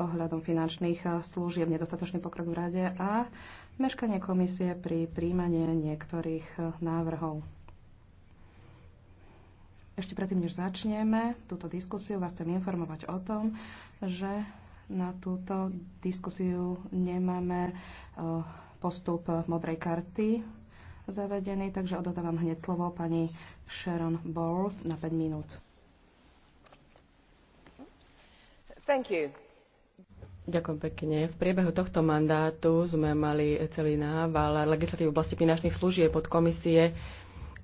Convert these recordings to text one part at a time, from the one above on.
ohľadom finančných eh, služieb, nedostatočný pokrok v rade a meškanie komisie pri príjmaní niektorých eh, návrhov. Ešte predtým, než začneme túto diskusiu, vás chcem informovať o tom, že na túto diskusiu nemáme eh, postup modrej karty zavedený, takže odozdávam hneď slovo pani Sharon Bowles na 5 minút. Thank you. Ďakujem pekne. V priebehu tohto mandátu sme mali celý nával legislatívy v oblasti finančných služieb od komisie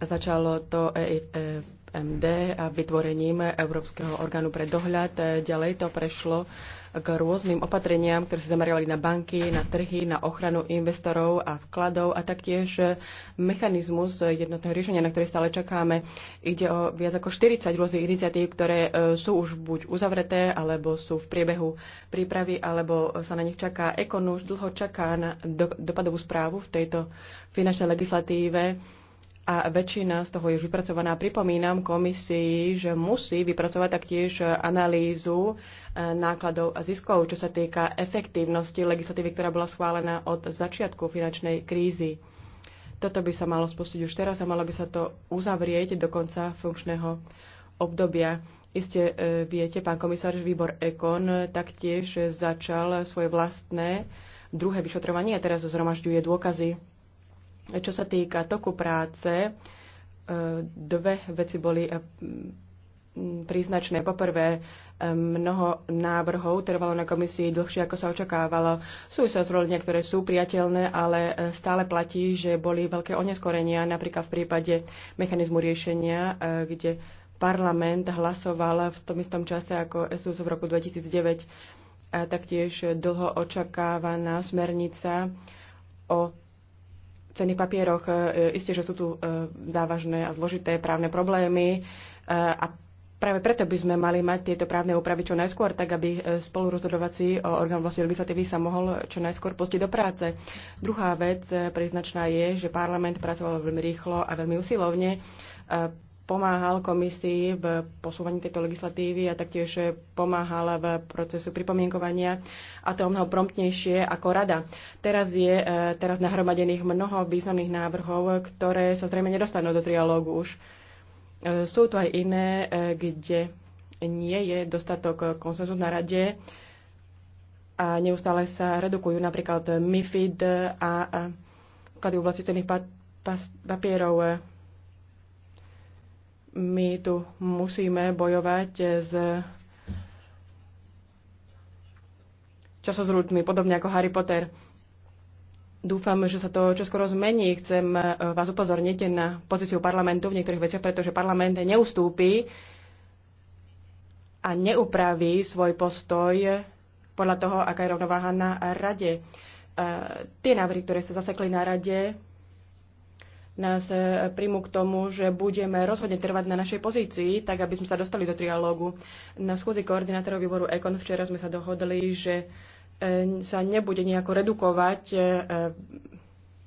Začalo to EFMD a vytvorením Európskeho orgánu pre dohľad. Ďalej to prešlo k rôznym opatreniam, ktoré sa zamerali na banky, na trhy, na ochranu investorov a vkladov a taktiež mechanizmus jednotného riešenia, na ktoré stále čakáme. Ide o viac ako 40 rôznych iniciatív, ktoré e, sú už buď uzavreté, alebo sú v priebehu prípravy, alebo sa na nich čaká. Ekon už dlho čaká na dopadovú správu v tejto finančnej legislatíve a väčšina z toho je už vypracovaná. Pripomínam komisii, že musí vypracovať taktiež analýzu e, nákladov a ziskov, čo sa týka efektívnosti legislatívy, ktorá bola schválená od začiatku finančnej krízy. Toto by sa malo spustiť už teraz a malo by sa to uzavrieť do konca funkčného obdobia. Iste e, viete, pán komisár, že výbor EKON taktiež začal svoje vlastné druhé vyšetrovanie a teraz zhromažďuje dôkazy čo sa týka toku práce, e, dve veci boli e, príznačné. Poprvé, e, mnoho návrhov trvalo na komisii dlhšie, ako sa očakávalo. Sú sa zvolenia, ktoré sú priateľné, ale stále platí, že boli veľké oneskorenia, napríklad v prípade mechanizmu riešenia, kde parlament hlasoval v tom istom čase ako SUS v roku 2009. A taktiež dlho očakávaná smernica o cenných papieroch. E, isté, že sú tu e, závažné a zložité právne problémy e, a práve preto by sme mali mať tieto právne úpravy čo najskôr, tak aby spolurozhodovací orgán vlastne legislatívy sa mohol čo najskôr pustiť do práce. Druhá vec priznačná je, že parlament pracoval veľmi rýchlo a veľmi usilovne pomáhal komisii v posúvaní tejto legislatívy a taktiež pomáhal v procesu pripomienkovania a to mnoho promptnejšie ako rada. Teraz je e, teraz nahromadených mnoho významných návrhov, ktoré sa zrejme nedostanú do trialógu už. E, sú tu aj iné, e, kde nie je dostatok konsenzu na rade a neustále sa redukujú napríklad MIFID a vklady v oblasti cených papierov my tu musíme bojovať s časozrúdmi, podobne ako Harry Potter. Dúfam, že sa to čoskoro zmení. Chcem eh, vás upozorniť na pozíciu parlamentu v niektorých veciach, pretože parlament neustúpi a neupraví svoj postoj podľa toho, aká je rovnováha na rade. Eh, tie návrhy, ktoré sa zasekli na rade, nás e, príjmu k tomu, že budeme rozhodne trvať na našej pozícii, tak aby sme sa dostali do trialógu. Na schôdzi koordinátorov výboru EKON včera sme sa dohodli, že e, sa nebude nejako redukovať e,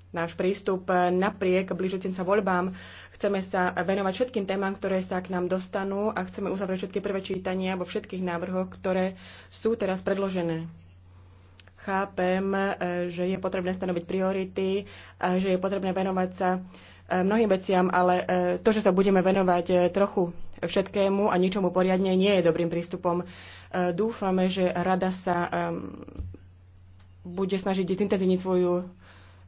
náš prístup napriek blížiacim sa voľbám. Chceme sa venovať všetkým témam, ktoré sa k nám dostanú a chceme uzavrieť všetky prvé čítania vo všetkých návrhoch, ktoré sú teraz predložené chápem, e, že je potrebné stanoviť priority, e, že je potrebné venovať sa e, mnohým veciam, ale to, že sa budeme venovať trochu všetkému a ničomu poriadne, nie je dobrým prístupom. Dúfame, že rada sa bude snažiť zintenzívniť svoju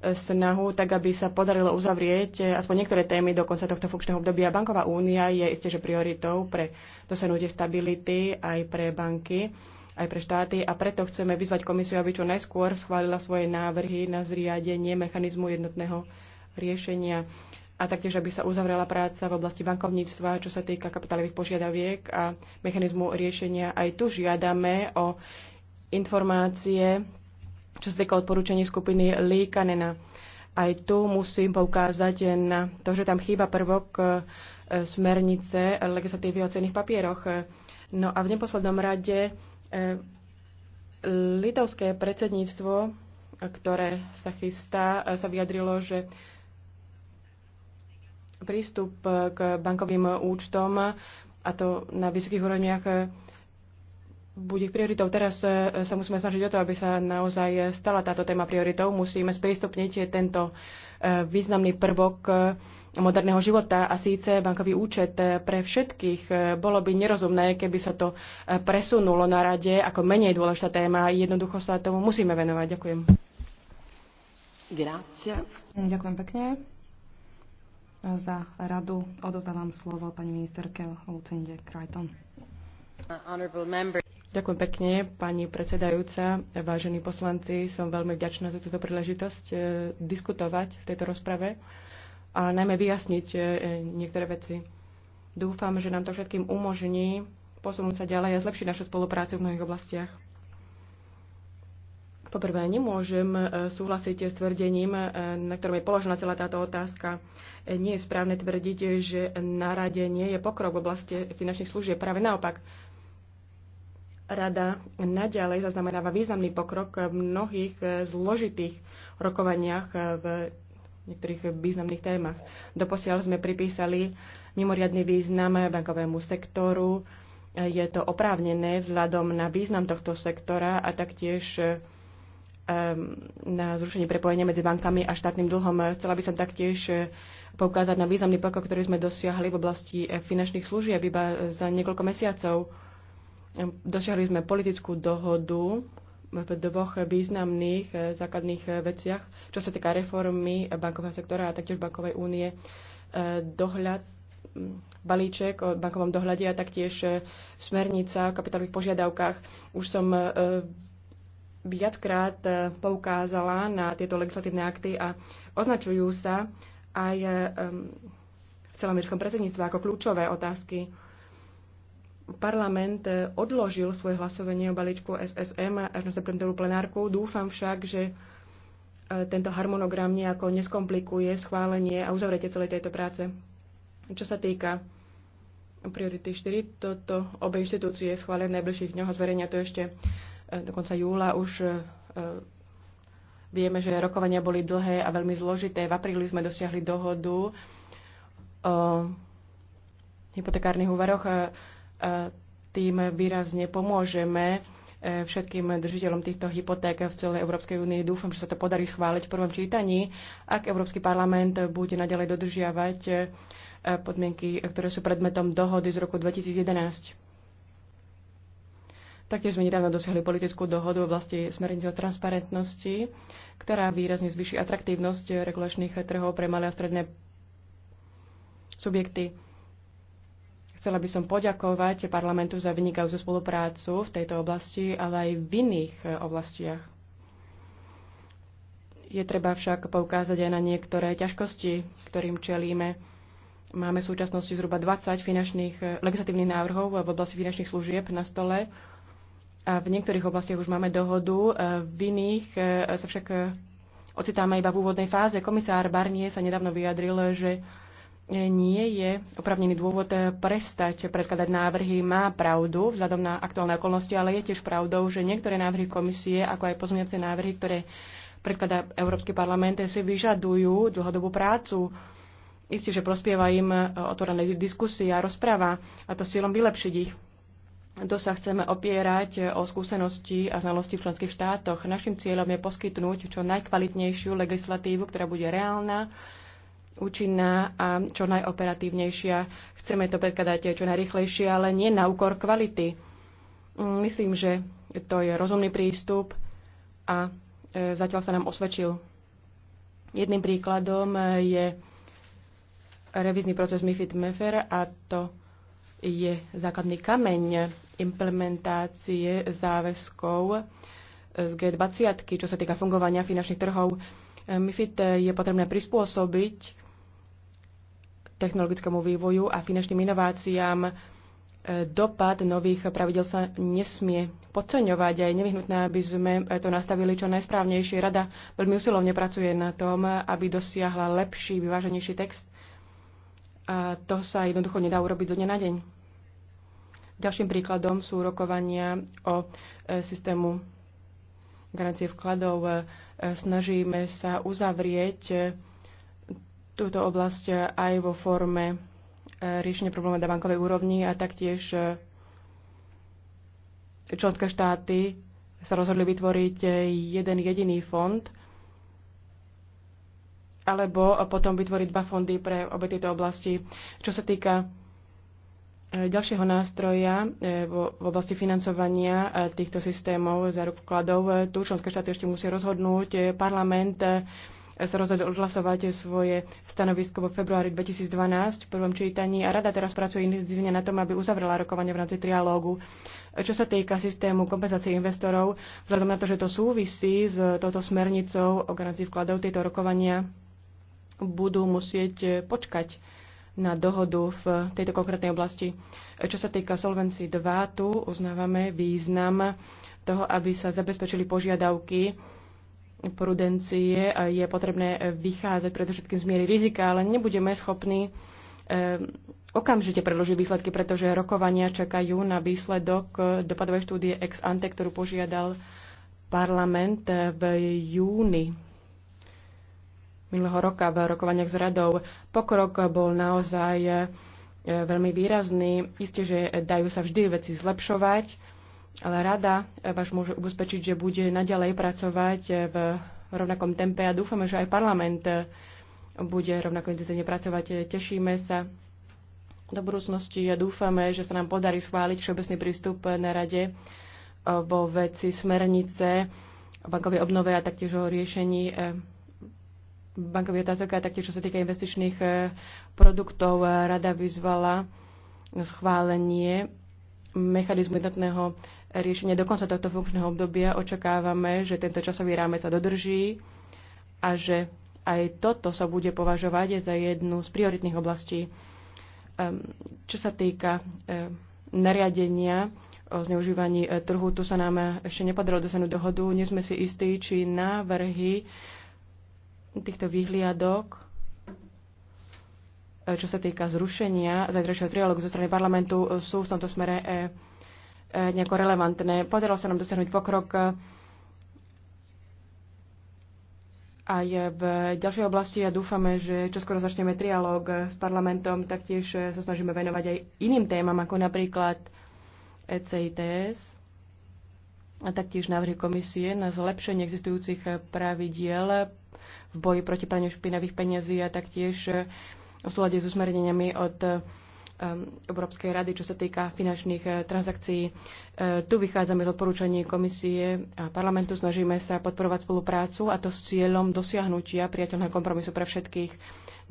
snahu, tak aby sa podarilo uzavrieť aspoň niektoré témy do konca tohto funkčného obdobia. Banková únia je isté, že prioritou pre dosiahnutie stability aj pre banky aj pre štáty a preto chceme vyzvať komisiu, aby čo najskôr schválila svoje návrhy na zriadenie mechanizmu jednotného riešenia a taktiež, aby sa uzavrela práca v oblasti bankovníctva, čo sa týka kapitálových požiadaviek a mechanizmu riešenia. Aj tu žiadame o informácie, čo sa týka odporúčení skupiny Líkanena. Aj tu musím poukázať na to, že tam chýba prvok e, smernice legislatívy o cených papieroch. No a v neposlednom rade Litovské predsedníctvo, ktoré sa chystá, sa vyjadrilo, že prístup k bankovým účtom, a to na vysokých úrovniach, bude prioritou. Teraz e, sa musíme snažiť o to, aby sa naozaj stala táto téma prioritou. Musíme sprístupniť tento významný prvok e, moderného života a síce bankový účet e, pre všetkých. E, bolo by nerozumné, keby sa to presunulo na rade ako menej dôležitá téma. Jednoducho sa tomu musíme venovať. Ďakujem. Grazie. Ďakujem pekne. Za radu odozdávam slovo pani ministerke Lucinde Krajton. Ďakujem pekne, pani predsedajúca, vážení poslanci. Som veľmi vďačná za túto príležitosť e, diskutovať v tejto rozprave a najmä vyjasniť e, niektoré veci. Dúfam, že nám to všetkým umožní posunúť sa ďalej a zlepšiť našu spoluprácu v mnohých oblastiach. Poprvé, nemôžem e, súhlasiť s tvrdením, na ktorom je položená celá táto otázka. Nie je správne tvrdiť, že na rade nie je pokrok v oblasti finančných služieb. Práve naopak, Rada naďalej zaznamenáva významný pokrok v mnohých eh, zložitých rokovaniach eh, v niektorých významných témach. Doposiaľ sme pripísali mimoriadný význam bankovému sektoru. Eh, je to oprávnené vzhľadom na význam tohto sektora a taktiež na zrušenie prepojenia medzi bankami a štátnym dlhom. Chcela by som taktiež poukázať na významný pokrok, ktorý sme dosiahli v oblasti finančných služieb iba za niekoľko mesiacov Dosiahli sme politickú dohodu v dvoch významných eh, základných eh, veciach, čo sa týka reformy bankového sektora a taktiež bankovej únie. Eh, dohľad mm, balíček o bankovom dohľade a taktiež smernica o kapitálových požiadavkách. Už som viackrát poukázala na tieto legislatívne akty a označujú sa aj v celomírskom predsedníctve ako kľúčové otázky parlament eh, odložil svoje hlasovanie o balíčku SSM až na septembrovú plenárku. Dúfam však, že eh, tento harmonogram nejako neskomplikuje schválenie a uzavretie celej tejto práce. Čo sa týka priority 4, toto obe inštitúcie schválené v najbližších dňoch a zverejnia to ešte eh, do konca júla. Už vieme, že rokovania boli dlhé a veľmi zložité. V apríli sme dosiahli dohodu o hypotekárnych úveroch tým výrazne pomôžeme e, všetkým držiteľom týchto hypoték v celej Európskej únii. Dúfam, že sa to podarí schváliť v prvom čítaní, ak Európsky parlament bude naďalej dodržiavať e, podmienky, ktoré sú predmetom dohody z roku 2011. Taktiež sme nedávno dosiahli politickú dohodu v oblasti smernice o transparentnosti, ktorá výrazne zvýši atraktívnosť regulačných trhov pre malé a stredné subjekty. Chcela by som poďakovať parlamentu za vynikajúcu spoluprácu v tejto oblasti, ale aj v iných e, oblastiach. Je treba však poukázať aj na niektoré ťažkosti, ktorým čelíme. Máme v súčasnosti zhruba 20 finančných, e, legislatívnych návrhov v oblasti finančných služieb na stole a v niektorých oblastiach už máme dohodu, e, v iných sa však ocitáme iba v úvodnej fáze. Komisár Barnier sa nedávno vyjadril, že nie je opravnený dôvod eh, prestať predkladať návrhy, má pravdu vzhľadom na aktuálne okolnosti, ale je tiež pravdou, že niektoré návrhy komisie, ako aj pozmeňacie návrhy, ktoré predkladá Európsky parlament, eh, si vyžadujú dlhodobú prácu. Isté, že prospieva im eh, otvorené diskusie a rozpráva, a to s cieľom vylepšiť ich. To sa chceme opierať o skúsenosti a znalosti v členských štátoch. Našim cieľom je poskytnúť čo najkvalitnejšiu legislatívu, ktorá bude reálna, účinná a čo najoperatívnejšia. Chceme to predkladať čo najrychlejšie, ale nie na úkor kvality. Mm, Myslím, že to je rozumný prístup a e, zatiaľ sa nám osvedčil. Jedným príkladom e, je revízny proces MIFID MEFER a to je základný kameň implementácie záväzkov z G20, čo sa týka fungovania finančných trhov. E, MIFID e, je potrebné prispôsobiť technologickému vývoju a finančným inováciám. E, dopad nových pravidel sa nesmie podceňovať a je nevyhnutné, aby sme to nastavili čo najsprávnejšie. Rada veľmi usilovne pracuje na tom, aby dosiahla lepší, vyváženejší text. A to sa jednoducho nedá urobiť zo dňa na deň. Ďalším príkladom sú rokovania o systému garancie vkladov. E, snažíme sa uzavrieť túto oblasť aj vo forme e, riešenia problémov na bankovej úrovni a taktiež e, členské štáty sa rozhodli vytvoriť jeden jediný fond alebo potom vytvoriť dva fondy pre obe tieto oblasti. Čo sa týka E, ďalšieho nástroja e, v oblasti financovania e, týchto systémov za rok vkladov. Tu členské štáty ešte musia rozhodnúť. Parlament sa rozhodol odhlasovať svoje stanovisko vo februári 2012 v prvom čítaní a rada teraz pracuje intenzívne na tom, aby uzavrela rokovanie v rámci trialógu. Čo sa týka systému kompenzácie investorov, vzhľadom na to, že to súvisí s touto smernicou o garancii vkladov, tieto rokovania budú musieť počkať na dohodu v tejto konkrétnej oblasti. Čo sa týka Solvency 2, tu uznávame význam toho, aby sa zabezpečili požiadavky prudencie. Je potrebné vychádzať predovšetkým z miery rizika, ale nebudeme schopní eh, okamžite predložiť výsledky, pretože rokovania čakajú na výsledok dopadovej štúdie ex ante, ktorú požiadal parlament v júni minulého roka v rokovaniach s radou. Pokrok bol naozaj e, veľmi výrazný. Isté, že dajú sa vždy veci zlepšovať, ale rada e, vás môže ubezpečiť, že bude naďalej pracovať e, v rovnakom tempe a dúfame, že aj parlament bude rovnako intenzívne pracovať. Tešíme sa do budúcnosti a dúfame, že sa nám podarí schváliť všeobecný prístup na rade vo veci smernice o bankovej obnove a taktiež o riešení Bankový otázok a taktiež čo sa týka investičných e, produktov, e, rada vyzvala schválenie mechanizmu jednotného e, riešenia do konca tohto funkčného obdobia. Očakávame, že tento časový rámec sa dodrží a že aj toto sa bude považovať za jednu z prioritných oblastí. Čo sa týka nariadenia o zneužívaní trhu, tu sa nám ešte nepodarilo dosiahnuť dohodu. Nie sme si istí, či návrhy týchto výhliadok, e, čo sa týka zrušenia zajtrajšieho trialógu zo strany parlamentu, e, sú v tomto smere e, nejako relevantné. Podarilo sa nám dosiahnuť pokrok aj v ďalšej oblasti a dúfame, že čoskoro začneme trialóg s parlamentom, taktiež sa snažíme venovať aj iným témam, ako napríklad ECITS a taktiež návrhy komisie na zlepšenie existujúcich pravidiel v boji proti praniu špinavých peniazí a taktiež e, v súlade s usmerneniami od e, Európskej rady, čo sa týka finančných e, transakcií. Tu vychádzame z odporúčaní komisie a parlamentu, snažíme sa podporovať spoluprácu a to s cieľom dosiahnutia priateľného kompromisu pre všetkých.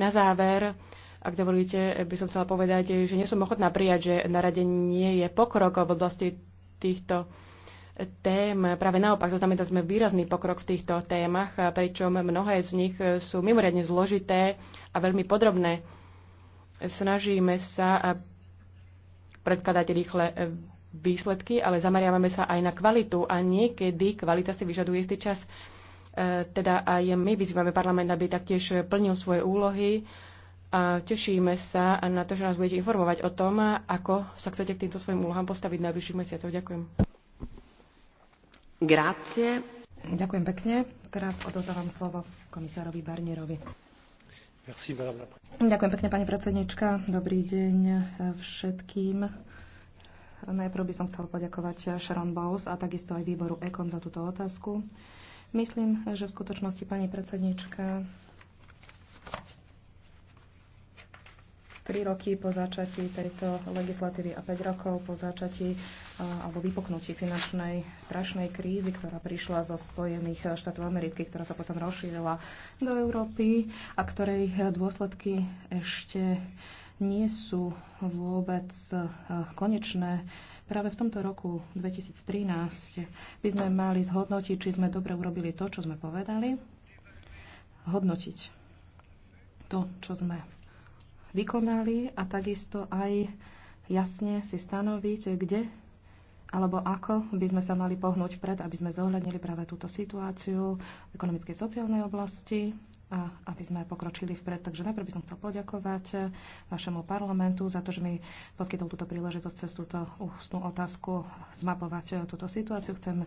Na záver, ak dovolíte, by som chcela povedať, že nie som ochotná prijať, že naradenie je pokrok v oblasti týchto tém. Práve naopak, zaznamenali sme výrazný pokrok v týchto témach, pričom mnohé z nich sú mimoriadne zložité a veľmi podrobné. Snažíme sa predkladať rýchle výsledky, ale zameriavame sa aj na kvalitu a niekedy kvalita si vyžaduje istý čas. E, teda aj my vyzývame parlament, aby taktiež plnil svoje úlohy a tešíme sa na to, že nás budete informovať o tom, ako sa chcete k týmto svojim úlohám postaviť na najbližších mesiacoch. Ďakujem. Grácie. Ďakujem pekne. Teraz odozdávam slovo komisárovi Barnierovi. Merci, Ďakujem pekne, pani predsednička. Dobrý deň všetkým. Najprv by som chcel poďakovať Sharon Bowles a takisto aj výboru EKON za túto otázku. Myslím, že v skutočnosti, pani predsednička, 3 roky po začatí tejto legislatívy a 5 rokov po začatí alebo vypoknutí finančnej strašnej krízy, ktorá prišla zo Spojených štátov amerických, ktorá sa potom rozšírila do Európy a ktorej dôsledky ešte nie sú vôbec konečné. Práve v tomto roku 2013 by sme mali zhodnotiť, či sme dobre urobili to, čo sme povedali, hodnotiť to, čo sme vykonali a takisto aj jasne si stanoviť, kde alebo ako by sme sa mali pohnúť pred, aby sme zohľadnili práve túto situáciu v ekonomickej sociálnej oblasti, a aby sme pokročili vpred. Takže najprv by som chcel poďakovať eh, vašemu parlamentu za to, že mi poskytol túto príležitosť cez túto ústnú otázku zmapovať eh, túto situáciu. Chcem eh,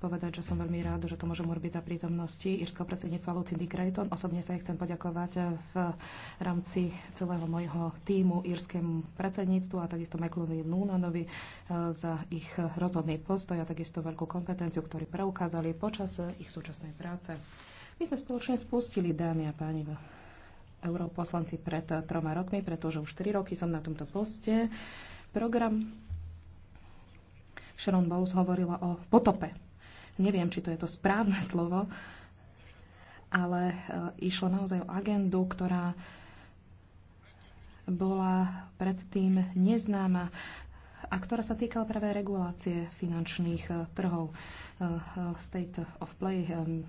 povedať, že som veľmi rád, že to môžem urobiť za prítomnosti írskeho predsedníctva Lucindy Creighton. Osobne sa jej chcem poďakovať v rámci celého môjho týmu írskému predsedníctvu a takisto Meklovi Núnanovi za ich rozhodný postoj a takisto veľkú kompetenciu, ktorý preukázali počas ich súčasnej práce. My sme spoločne spustili, dámy a páni, europoslanci pred troma rokmi, pretože už 4 roky som na tomto poste. Program Sharon Bowles hovorila o potope. Neviem, či to je to správne slovo, ale e, išlo naozaj o agendu, ktorá bola predtým neznáma a ktorá sa týkala práve regulácie finančných e, trhov. E, e, State of Play,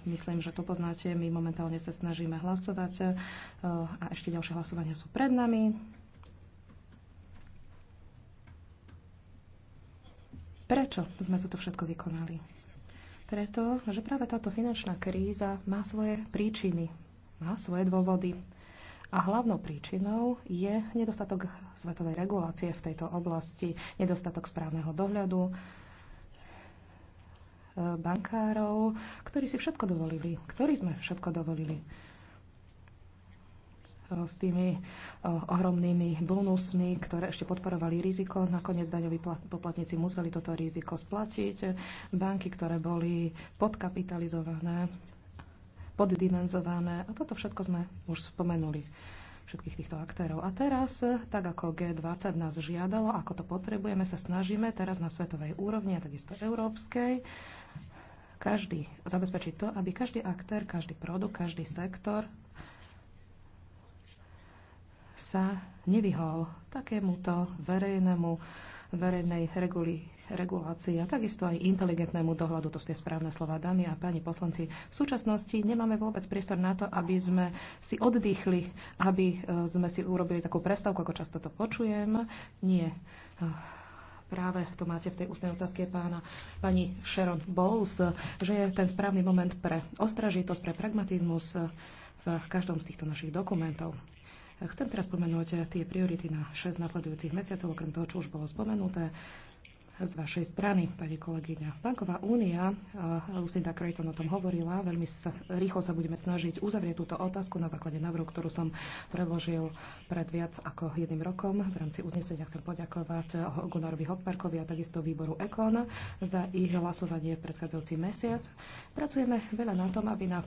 myslím, že to poznáte, my momentálne sa snažíme hlasovať a ešte ďalšie hlasovania sú pred nami. Prečo sme toto všetko vykonali? Preto, že práve táto finančná kríza má svoje príčiny, má svoje dôvody. A hlavnou príčinou je nedostatok svetovej regulácie v tejto oblasti, nedostatok správneho dohľadu e, bankárov, ktorí si všetko dovolili, ktorí sme všetko dovolili e, s tými e, ohromnými bonusmi, ktoré ešte podporovali riziko. Nakoniec daňoví poplatníci museli toto riziko splatiť. Banky, ktoré boli podkapitalizované, poddimenzované. A toto všetko sme už spomenuli všetkých týchto aktérov. A teraz, tak ako G20 nás žiadalo, ako to potrebujeme, sa snažíme teraz na svetovej úrovni a takisto európskej každý zabezpečiť to, aby každý aktér, každý produkt, každý sektor sa nevyhol takémuto verejnému verejnej reguli, regulácii a takisto aj inteligentnému dohľadu. To ste správne slova, dámy a páni poslanci. V súčasnosti nemáme vôbec priestor na to, aby sme si oddychli, aby e, sme si urobili takú prestavku, ako často to počujem. Nie. E, práve to máte v tej ústnej otázke pána pani Sharon Bowles, že je ten správny moment pre ostražitosť, pre pragmatizmus v každom z týchto našich dokumentov. Chcem teraz spomenúť tie priority na 6 nasledujúcich mesiacov, okrem toho, čo už bolo spomenuté z vašej strany, pani kolegyňa. Banková únia, Lucinda Creighton o tom hovorila, veľmi sa, rýchlo sa budeme snažiť uzavrieť túto otázku na základe návrhu, ktorú som predložil pred viac ako jedným rokom. V rámci uznesenia chcem poďakovať Gunnarovi Hopparkovi a takisto výboru Ekon za ich hlasovanie v predchádzajúci mesiac. Pracujeme veľa na tom, aby na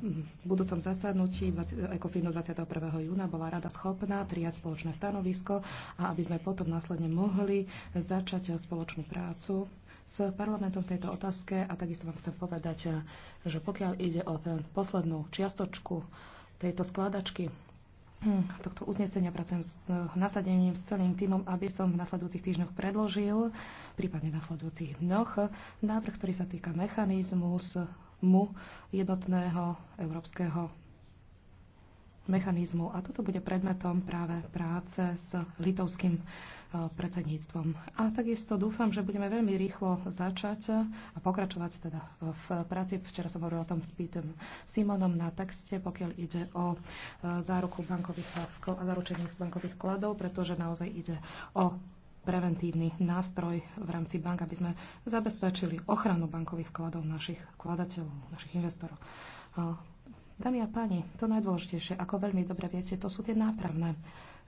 budúcom zasadnutí Ekofinu 21. júna bola rada schopná prijať spoločné stanovisko a aby sme potom následne mohli začať spoločnú prácu spoluprácu s parlamentom v tejto otázke a takisto vám chcem povedať, že pokiaľ ide o ten poslednú čiastočku tejto skladačky, hm, tohto uznesenia pracujem s nasadením s celým týmom, aby som v nasledujúcich týždňoch predložil, prípadne v nasledujúcich dňoch, návrh, ktorý sa týka mechanizmu s mu jednotného európskeho mechanizmu. A toto bude predmetom práve práce s litovským predsedníctvom. A takisto dúfam, že budeme veľmi rýchlo začať a pokračovať teda v práci. Včera som hovorila o tom s Pítem Simonom na texte, pokiaľ ide o e, záruku bankových, e, zaručenie bankových vkladov, pretože naozaj ide o preventívny nástroj v rámci bank, aby sme zabezpečili ochranu bankových vkladov našich kladateľov, našich investorov. E, Dámy a páni, to najdôležitejšie, ako veľmi dobre viete, to sú tie nápravné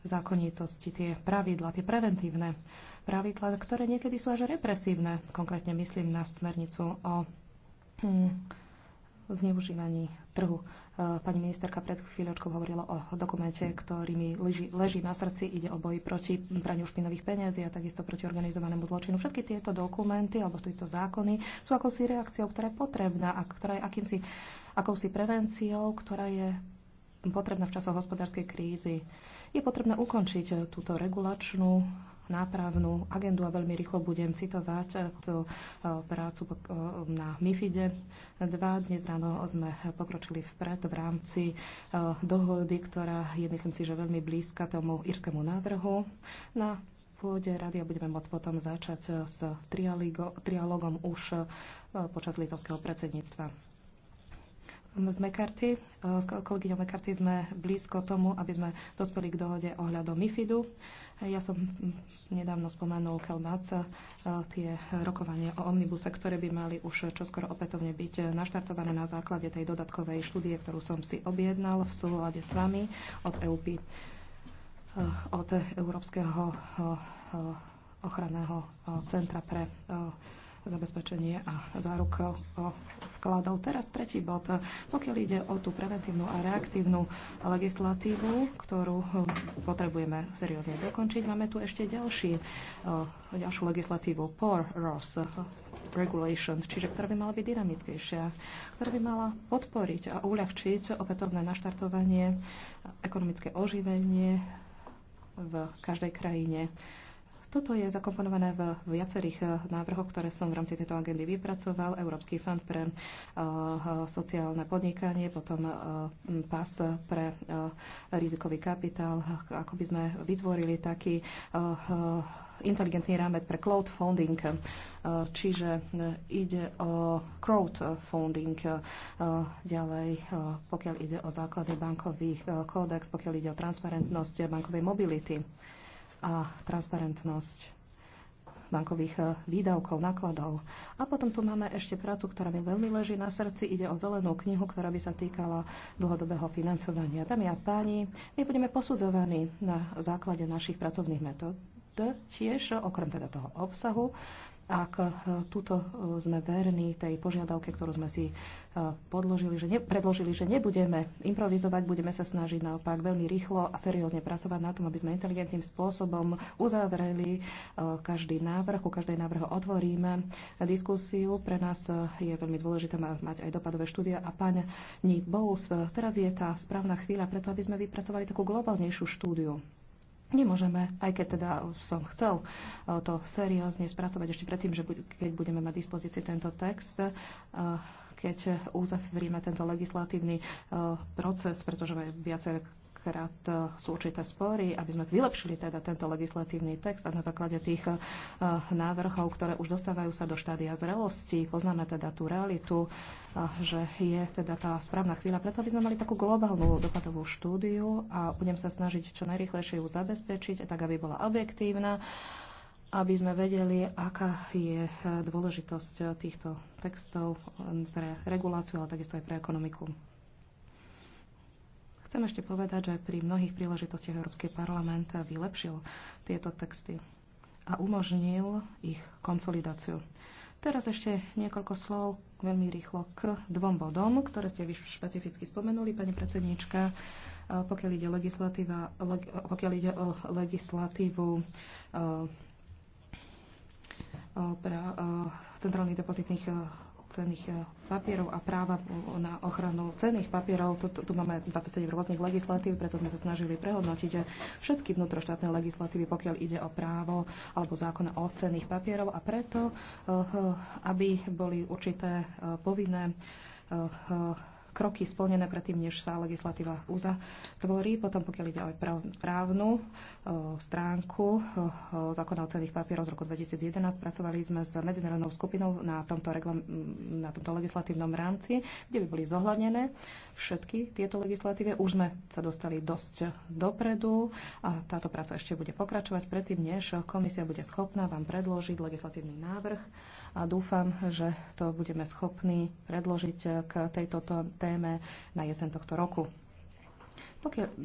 zákonitosti, tie pravidla, tie preventívne pravidla, ktoré niekedy sú až represívne. Konkrétne myslím na smernicu o hm, zneužívaní trhu. E, pani ministerka pred chvíľočkou hovorila o dokumente, ktorý mi leží, leží na srdci. Ide o boji proti praniu špinových peniazí a takisto proti organizovanému zločinu. Všetky tieto dokumenty alebo tieto zákony sú ako si reakciou, ktorá je potrebná a ktorá je akýmsi akousi prevenciou, ktorá je potrebná v časoch hospodárskej krízy. Je potrebné ukončiť eh, túto regulačnú nápravnú agendu a veľmi rýchlo budem citovať eh, tú eh, prácu na MIFIDE. Dva dnes ráno sme pokročili vpred v rámci dohody, ktorá je, myslím si, že veľmi blízka tomu írskému návrhu na pôde rady a budeme môcť potom začať s trialogom už počas litovského predsedníctva z McCarthy, e, s kolegyňou McCarthy sme blízko tomu, aby sme dospeli k dohode ohľadom MIFIDu. E, ja som nedávno spomenul Kelmaca e, tie rokovanie o omnibuse, ktoré by mali už čoskoro opätovne byť naštartované na základe tej dodatkovej štúdie, ktorú som si objednal v súlade s vami od EUP, od Európskeho ochranného centra pre zabezpečenie a záruk e, vkladov. Teraz tretí bod. Pokiaľ ide o tú preventívnu a reaktívnu legislatívu, ktorú e, potrebujeme seriózne dokončiť, máme tu ešte ďalší, e, ďalšiu legislatívu POR ROS Regulation, čiže ktorá by mala byť dynamickejšia, ktorá by mala podporiť a uľahčiť opätovné naštartovanie, ekonomické oživenie v každej krajine toto je zakomponované v viacerých eh, návrhoch, ktoré som v rámci tejto agendy vypracoval. Európsky fond pre eh, sociálne podnikanie, potom eh, pas pre rizikový kapitál, ako by sme vytvorili taký inteligentný rámec pre crowdfunding, čiže ide o crowdfunding, ďalej pokiaľ ide o základy bankových kódex, pokiaľ ide o transparentnosť bankovej mobility a transparentnosť bankových eh, výdavkov, nákladov. A potom tu máme ešte prácu, ktorá mi veľmi leží na srdci. Ide o zelenú knihu, ktorá by sa týkala dlhodobého financovania. Dámy a páni, my budeme posudzovaní na základe našich pracovných metód tiež, okrem teda toho obsahu, ak eh, túto eh, sme verní tej požiadavke, ktorú sme si eh, podložili, že ne, predložili, že nebudeme improvizovať, budeme sa snažiť naopak veľmi rýchlo a seriózne pracovať na tom, aby sme inteligentným spôsobom uzavreli každý návrh, u každej návrhu otvoríme diskusiu. Pre nás je veľmi dôležité mať aj dopadové štúdia a pani Bous, teraz je tá správna chvíľa preto, aby sme vypracovali takú globálnejšiu štúdiu Nemôžeme, aj keď teda som chcel eh, to seriózne spracovať ešte predtým, že keď budeme mať dispozícii tento text, eh, keď uzavrieme tento legislatívny eh, proces, pretože viaceré Častokrát e, sú určité spory, aby sme vylepšili teda tento legislatívny text a na základe tých e, návrhov, ktoré už dostávajú sa do štádia zrelosti, poznáme teda tú realitu, e, že je teda tá správna chvíľa. Preto by sme mali takú globálnu dopadovú štúdiu a budem sa snažiť čo najrychlejšie ju zabezpečiť, tak aby bola objektívna aby sme vedeli, aká je dôležitosť týchto textov pre reguláciu, ale takisto aj pre ekonomiku. Chcem ešte povedať, že pri mnohých príležitostiach Európsky parlament vylepšil tieto texty a umožnil ich konsolidáciu. Teraz ešte niekoľko slov veľmi rýchlo k dvom bodom, ktoré ste vy špecificky spomenuli, pani predsedníčka, e, pokiaľ ide, legislatíva, leg, pokiaľ ide o legislatívu e, e, pra, centrálnych depozitných cených eh, papierov a práva na ochranu cenných papierov. Tu, tu máme 27 rôznych legislatív, preto sme sa snažili prehodnotiť eh, všetky vnútroštátne legislatívy, pokiaľ ide o právo alebo zákon o cenných papierov a preto, eh, aby boli určité povinné kroky splnené predtým, než sa legislatíva uzatvorí. Potom, pokiaľ ide o právnu stránku zákona o cených papierov z roku 2011, pracovali sme s medzinárodnou skupinou na tomto, reglam- na tomto legislatívnom rámci, kde by boli zohľadnené všetky tieto legislatíve. Už sme sa dostali dosť dopredu a táto práca ešte bude pokračovať predtým, než komisia bude schopná vám predložiť legislatívny návrh a dúfam, že to budeme schopní predložiť k tejto téme na jesen tohto roku. Pokiaľ, e,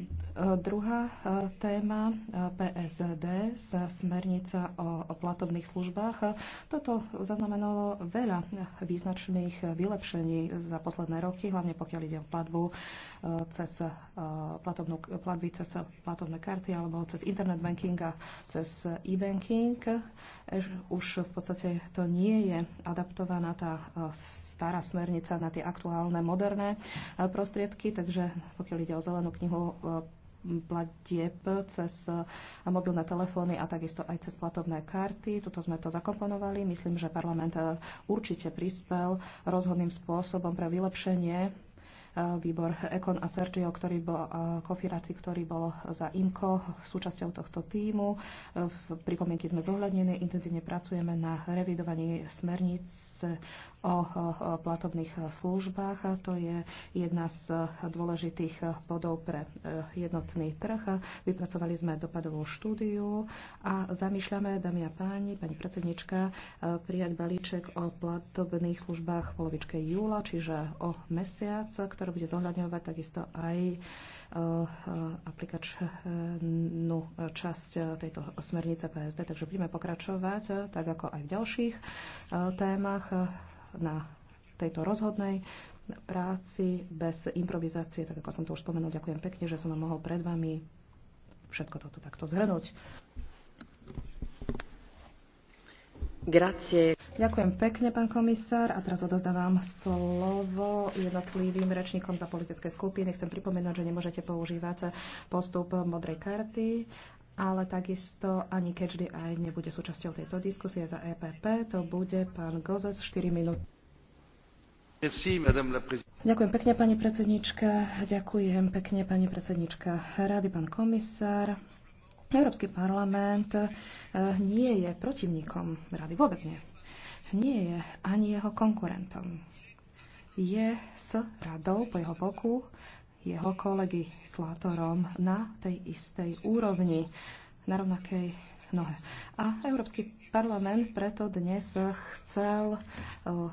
druhá e, téma e, PSD, smernica o, o platobných službách. Toto zaznamenalo veľa význačných vylepšení za posledné roky, hlavne pokiaľ ide o platbu cez platobnú, platby cez platobné karty alebo cez internet banking a cez e-banking. Už v podstate to nie je adaptovaná tá stará smernica na tie aktuálne moderné prostriedky, takže pokiaľ ide o zelenú knihu, roamingov eh, platieb cez eh, mobilné telefóny a takisto aj cez platobné karty. Tuto sme to zakomponovali. Myslím, že parlament eh, určite prispel rozhodným spôsobom pre vylepšenie výbor Ekon a Sergio, ktorý bol Kofirati, ktorý bol za IMCO súčasťou tohto týmu. V pripomienky sme zohľadnené, intenzívne pracujeme na revidovaní smerníc o platobných službách. A to je jedna z dôležitých bodov pre e, jednotný trh. Vypracovali sme dopadovú štúdiu a zamýšľame, dámy a páni, pani predsednička, e, prijať balíček o platobných službách v polovičke júla, čiže o mesiac, ktorý bude zohľadňovať takisto aj e, aplikačnú časť tejto smernice PSD. Takže budeme pokračovať, tak ako aj v ďalších témach na tejto rozhodnej práci bez improvizácie, tak ako som to už spomenul. Ďakujem pekne, že som vám mohol pred vami všetko toto takto zhrnúť. Grazie. Ďakujem pekne, pán komisár. A teraz odozdávam slovo jednotlivým rečníkom za politické skupiny. Chcem pripomenúť, že nemôžete používať postup modrej karty ale takisto ani Catch aj nebude súčasťou tejto diskusie za EPP. To bude pán Gozes 4 minúty. Ďakujem pekne, pani predsednička. Ďakujem pekne, pani predsednička rady, pán komisár. Európsky parlament eh, nie je protivníkom rady, vôbec nie. Nie je ani jeho konkurentom. Je s radou po jeho boku jeho kolegy Látorom na tej istej úrovni, na rovnakej mnohé. A Európsky parlament preto dnes chcel e,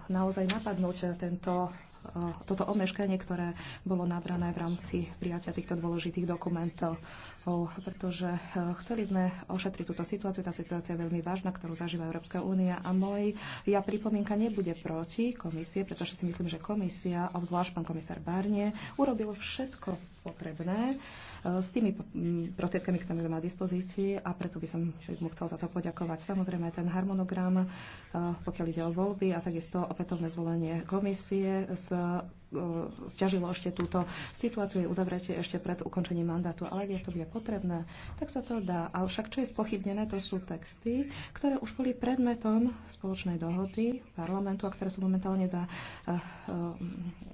naozaj napadnúť tento, e, toto omeškanie, ktoré bolo nabrané v rámci prijatia týchto dôležitých dokumentov, pretože e, chceli sme ošetriť túto situáciu. Tá situácia je veľmi vážna, ktorú zažíva Európska únia a môj, ja pripomienka nebude proti komisie, pretože si myslím, že komisia, obzvlášť pán komisár Barnie, urobil všetko potrebné, s tými prostriedkami, ktoré má dispozícii a preto by som mu chcel za to poďakovať. Samozrejme ten harmonogram, e, pokiaľ ide o voľby a takisto opätovné zvolenie komisie s E, stiažilo ešte túto situáciu, je uzavretie ešte pred ukončením mandátu. Ale ak to bude potrebné, tak sa to dá. Ale však čo je spochybnené, to sú texty, ktoré už boli predmetom spoločnej dohody parlamentu a ktoré sú momentálne, za, e,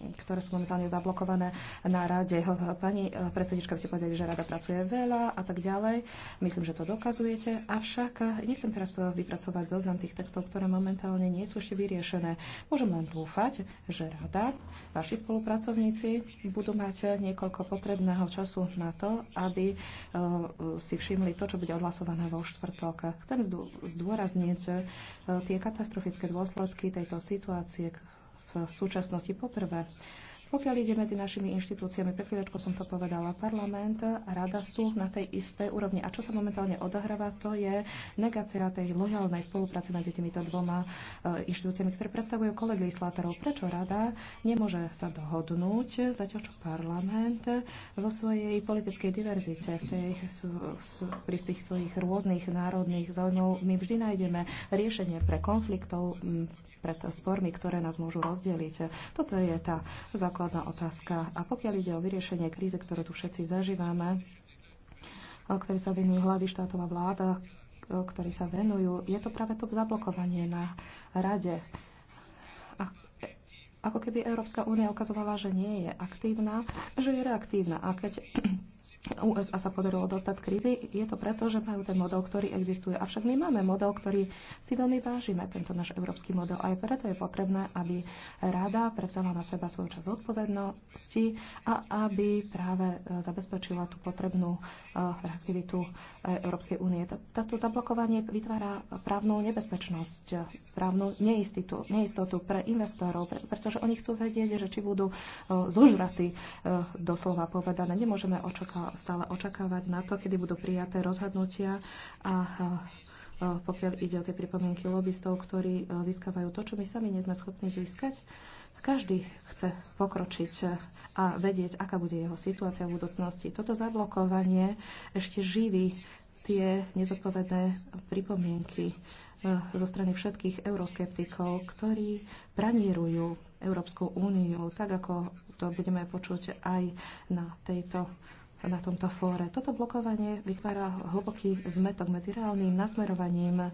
e, ktoré sú momentálne zablokované na rade. Pani predsednička, ste povedali, že rada pracuje veľa a tak ďalej. Myslím, že to dokazujete. Avšak nechcem teraz vypracovať zoznam tých textov, ktoré momentálne nie sú ešte vyriešené. Môžem len dúfať, že rada, naši spolupracovníci budú mať niekoľko potrebného času na to, aby e, si všimli to, čo bude odhlasované vo štvrtok. Chcem zdôrazniť e, tie katastrofické dôsledky tejto situácie v súčasnosti. Poprvé, pokiaľ ide medzi našimi inštitúciami, pred chvíľočkou som to povedala, parlament a rada sú na tej istej úrovni. A čo sa momentálne odohráva, to je negácia tej lojálnej spolupráce medzi týmito dvoma eh, inštitúciami, ktoré predstavujú kolegislátorov. Prečo rada nemôže sa dohodnúť, zatiaľ čo parlament vo svojej politickej diverzite, v tej, pri tých svojich rôznych národných záujmov, my vždy nájdeme riešenie pre konfliktov pred spormi, ktoré nás môžu rozdeliť. Toto je tá základná otázka. A pokiaľ ide o vyriešenie kríze, ktorú tu všetci zažívame, ktorej sa venujú hlavy štátov a vláda, ktorí sa venujú, je to práve to zablokovanie na rade. A ako keby Európska únia ukazovala, že nie je aktívna, že je reaktívna. A keď USA sa podarilo dostať z krízy, je to preto, že majú ten model, ktorý existuje. Avšak my máme model, ktorý si veľmi vážime, tento náš európsky model. Aj preto je potrebné, aby rada prevzala na seba svoju časť odpovednosti a aby práve e, zabezpečila tú potrebnú e, reaktivitu e, Európskej únie. Táto zablokovanie vytvára právnu nebezpečnosť, právnu neistotu pre investorov, pretože oni chcú vedieť, že či budú zožratí doslova povedané. Nemôžeme očakávať stále očakávať na to, kedy budú prijaté rozhodnutia a pokiaľ ide o tie pripomienky lobbystov, ktorí e, získavajú to, čo my sami nie sme schopní získať. Každý chce pokročiť a vedieť, aká bude jeho situácia v budúcnosti. Toto zablokovanie ešte živí tie nezodpovedné pripomienky e, zo strany všetkých euroskeptikov, ktorí pranierujú Európsku úniu, tak ako to budeme počuť aj na tejto na tomto fóre. Toto blokovanie vytvára hlboký zmetok medzi reálnym nasmerovaním eh,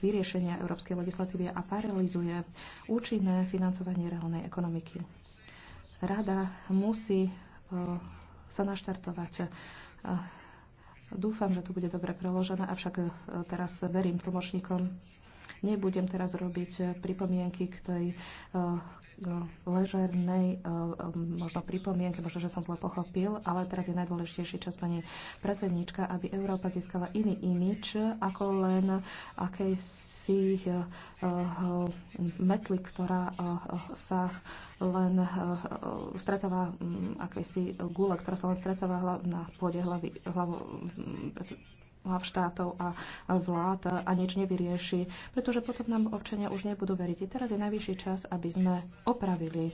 vyriešenia európskej legislatívy a paralizuje účinné financovanie reálnej ekonomiky. Rada musí eh, sa naštartovať. Eh, dúfam, že to bude dobre preložené, avšak teraz verím tlmočníkom. Nebudem teraz robiť eh, pripomienky k tej eh, eh, ležernej možno pripomienke, možno, že som zle pochopil, ale teraz je najdôležitejší čas pani predsednička, aby Európa získala iný imič ako len akejsi si metly, ktorá sa len stretáva, mm, akejsi gule, ktorá sa len stretáva na pôde hlavy, hlavu mm, hlav štátov a vlád a nič nevyrieši, pretože potom nám občania už nebudú veriť. I teraz je najvyšší čas, aby sme opravili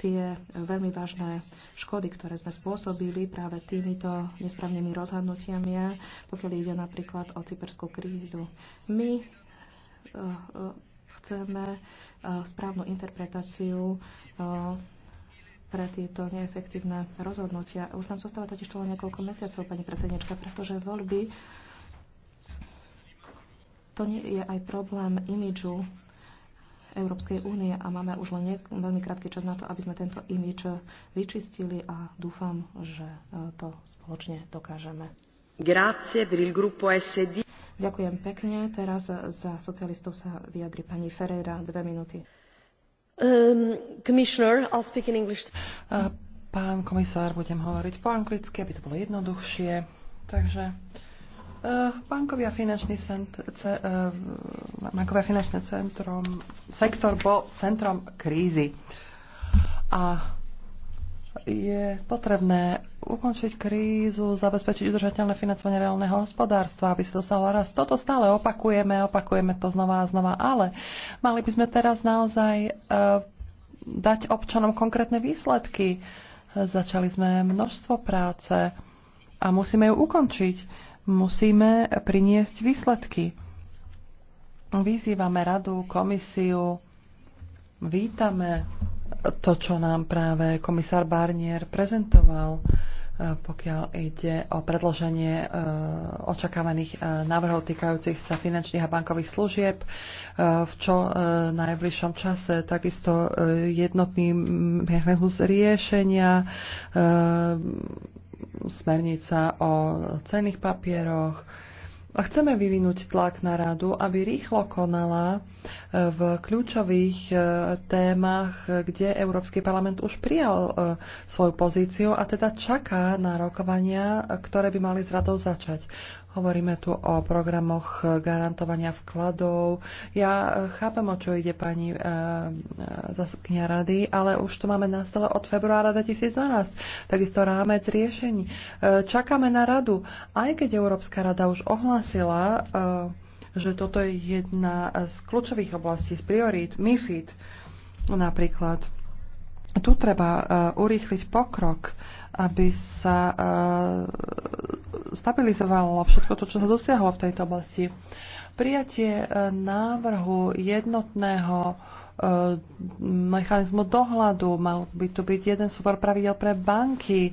tie veľmi vážne škody, ktoré sme spôsobili práve týmito nesprávnymi rozhodnutiami, pokiaľ ide napríklad o cyperskú krízu. My eh, eh, chceme eh, správnu interpretáciu pre tieto neefektívne rozhodnutia. Už nám zostáva totiž to len niekoľko mesiacov, pani predsednička, pretože voľby to nie je aj problém imidžu Európskej únie a máme už len veľmi krátky čas na to, aby sme tento imidž vyčistili a dúfam, že e, to spoločne dokážeme. Grazie per il gruppo SD. Ďakujem pekne. Teraz za socialistov sa vyjadri pani Ferreira. Dve minúty. Um, commissioner, I'll speak in English. Uh, pán komisár, budem hovoriť po anglicky, aby to bolo jednoduchšie. Takže Eh, finančný centr, ce, eh, bankové a finančné centrum, sektor bol centrom krízy. A je potrebné ukončiť krízu, zabezpečiť udržateľné financovanie reálneho hospodárstva, aby sa dostalo raz. Toto stále opakujeme, opakujeme to znova a znova, ale mali by sme teraz naozaj eh, dať občanom konkrétne výsledky. Začali sme množstvo práce a musíme ju ukončiť musíme priniesť výsledky. Vyzývame radu, komisiu, vítame to, čo nám práve komisár Barnier prezentoval, e, pokiaľ ide o predloženie e, očakávaných e, návrhov týkajúcich sa finančných a bankových služieb v čo najbližšom čase. Takisto jednotný mechanizmus riešenia smernica o cených papieroch. A chceme vyvinúť tlak na radu, aby rýchlo konala e, v kľúčových e, témach, kde Európsky parlament už prijal e, svoju pozíciu a teda čaká na rokovania, ktoré by mali s radou začať. Hovoríme tu o programoch garantovania vkladov. Ja e, chápem, o čo ide pani e, e, zastupkynia rady, ale už to máme na stole od februára 2012. Takisto rámec riešení. E, čakáme na radu. Aj keď Európska rada už ohlásila, e, že toto je jedna z kľúčových oblastí, z priorít, MIFID napríklad. Tu treba e, urýchliť pokrok, aby sa stabilizovalo všetko to, čo sa dosiahlo v tejto oblasti. Prijatie e, návrhu jednotného e, mechanizmu dohľadu, mal by to byť jeden súbor pravidel pre banky,